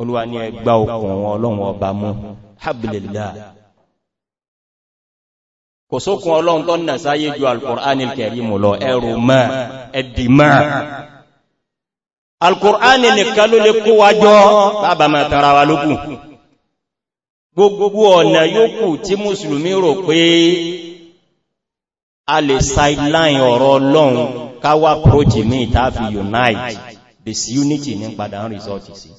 olúwa ní ẹgbà okùn wọn ọlọ́run ọba mú hablillah kò sókun ọlọ́run tó nà sáyé ju alkùnránil kẹrí mú lọ ẹrù mọ́ ẹdì mọ́ alkùnránil nìkan ló lè kó wájọ́ bàbá máa tara wa lókù gbogbo ọ̀nà yóò tí mùsùlùmí rò pé a lè sideline ọ̀rọ̀ ọlọ́run káwà projì ní ìtàfi unite this unity ní padà ń result sí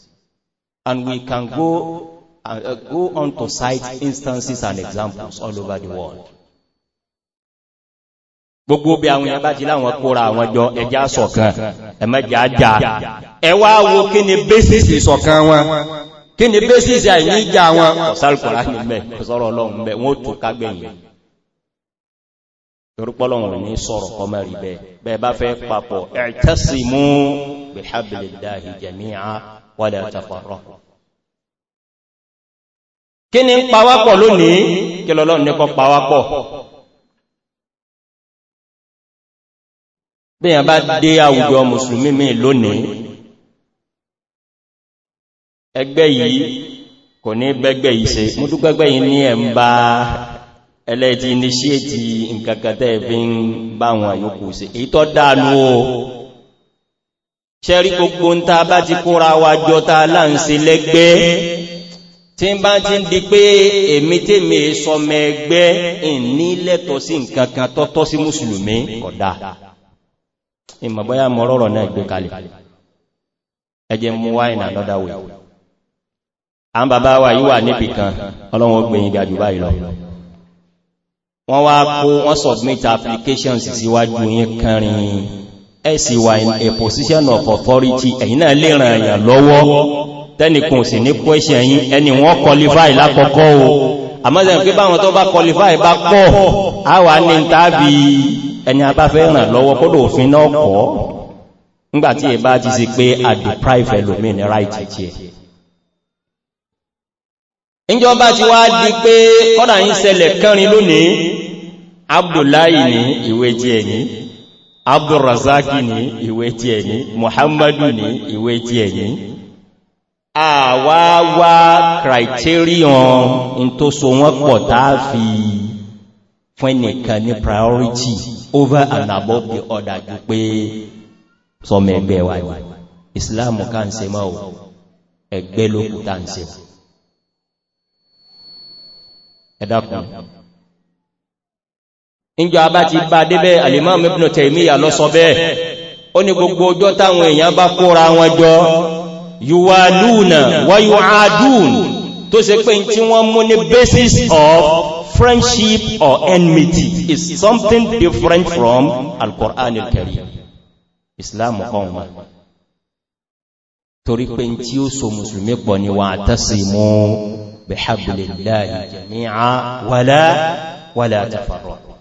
And we can go, uh, go on to cite instances and examples all over the world. gbogbo bí àwọn èèyàn ti láwọn kóra àwọn jọ ẹjá sọ̀kan ẹmẹ́jà jà ẹwà wo kí ni bẹ́sìsì sọ̀kan wọn kí ni bẹ́sìsì àìní ìjà wọn ọ̀sálùkọ̀lá ní mẹ́ sọ́rọ̀ ọlọ́run mẹ́ wọ́n tó kágbẹ̀yìn wala tafarraqu kí ni ń pawápọ̀ lónìí kí lọ́lọ́ ní kọ pawápọ̀ bí i bá dé àwùjọ mùsùlùmí mi lónìí ẹgbẹ́ yìí kò ní yìí ṣe mú gbẹ́gbẹ́ yìí ní ẹ̀ ń bá ẹlẹ́ti iníṣẹ́ ti nǹkankan tẹ́ fi ṣẹ́rí gbogbo ń ta bá ti kóra wa jọ ta láǹsí lẹ́gbẹ́ tí bá ti ń di pé èmi tèmi sọmọ ẹgbẹ́ ìní lẹ́tọ̀ sí nǹkan kan tọ́tọ́ sí mùsùlùmí kódà ìmọ̀bọ́yá mọ́rọ̀rọ̀ náà gbé kalẹ̀ ẹjẹ mú wá ìnà lọ́dá a ń bàbá wa yíwà níbi kan ọlọ́wọ́ gbẹ̀yìn gàjù báyìí lọ wọ́n wá kó wọ́n submit applications síwájú yín kanrin ẹ̀sì wà in a position of authority ẹ̀yin náà lè ràn èyàn lọ́wọ́ tẹ́nìkùn sí ní question yìí ẹni wọ́n qualify lákọ́kọ́ o àmọ́sẹ̀ pé báwọn tó bá qualify bá pọ̀ a wà ní tàbí ẹni abáfẹ́ ràn lọ́wọ́ kódò òfin náà kọ́ nígbàtí ẹ bá ti sí a ìjọba ti wá di pé kọ́dà ń ṣẹlẹ̀ kẹrin lónìí Abdullahi ní ìwé jẹ́ abdulrazaki ni ìwé tí ẹ̀ muhammadu ni ìwé tí ẹ̀ ní àwáwá criterion in tó so wọ́n pọ̀ táà fi fún ẹnìkan ní priority over and above the other ju pé sọmọ ẹgbẹ́ wa ní islam ká ń se máa ẹgbẹ́ lókúta ń se ẹ̀dàkùn ìjọ abá ti bá débẹ̀ Al-Imam Ibn Taymiyyah lọ sọ bẹ́ẹ̀ ó ní gbogbo ọjọ́ táwọn èèyàn bá kóra wọn jọ yuwaluna wa yu'adun tó ṣe pé tí wọ́n mú ní basis of friendship or enmity is something different from al-Qur'an al-Karim Islam kan wọn torí pé tí ó so mùsùlùmí pọ̀ ni wa atasimu bihablillahi jami'a wala wala tafarraqu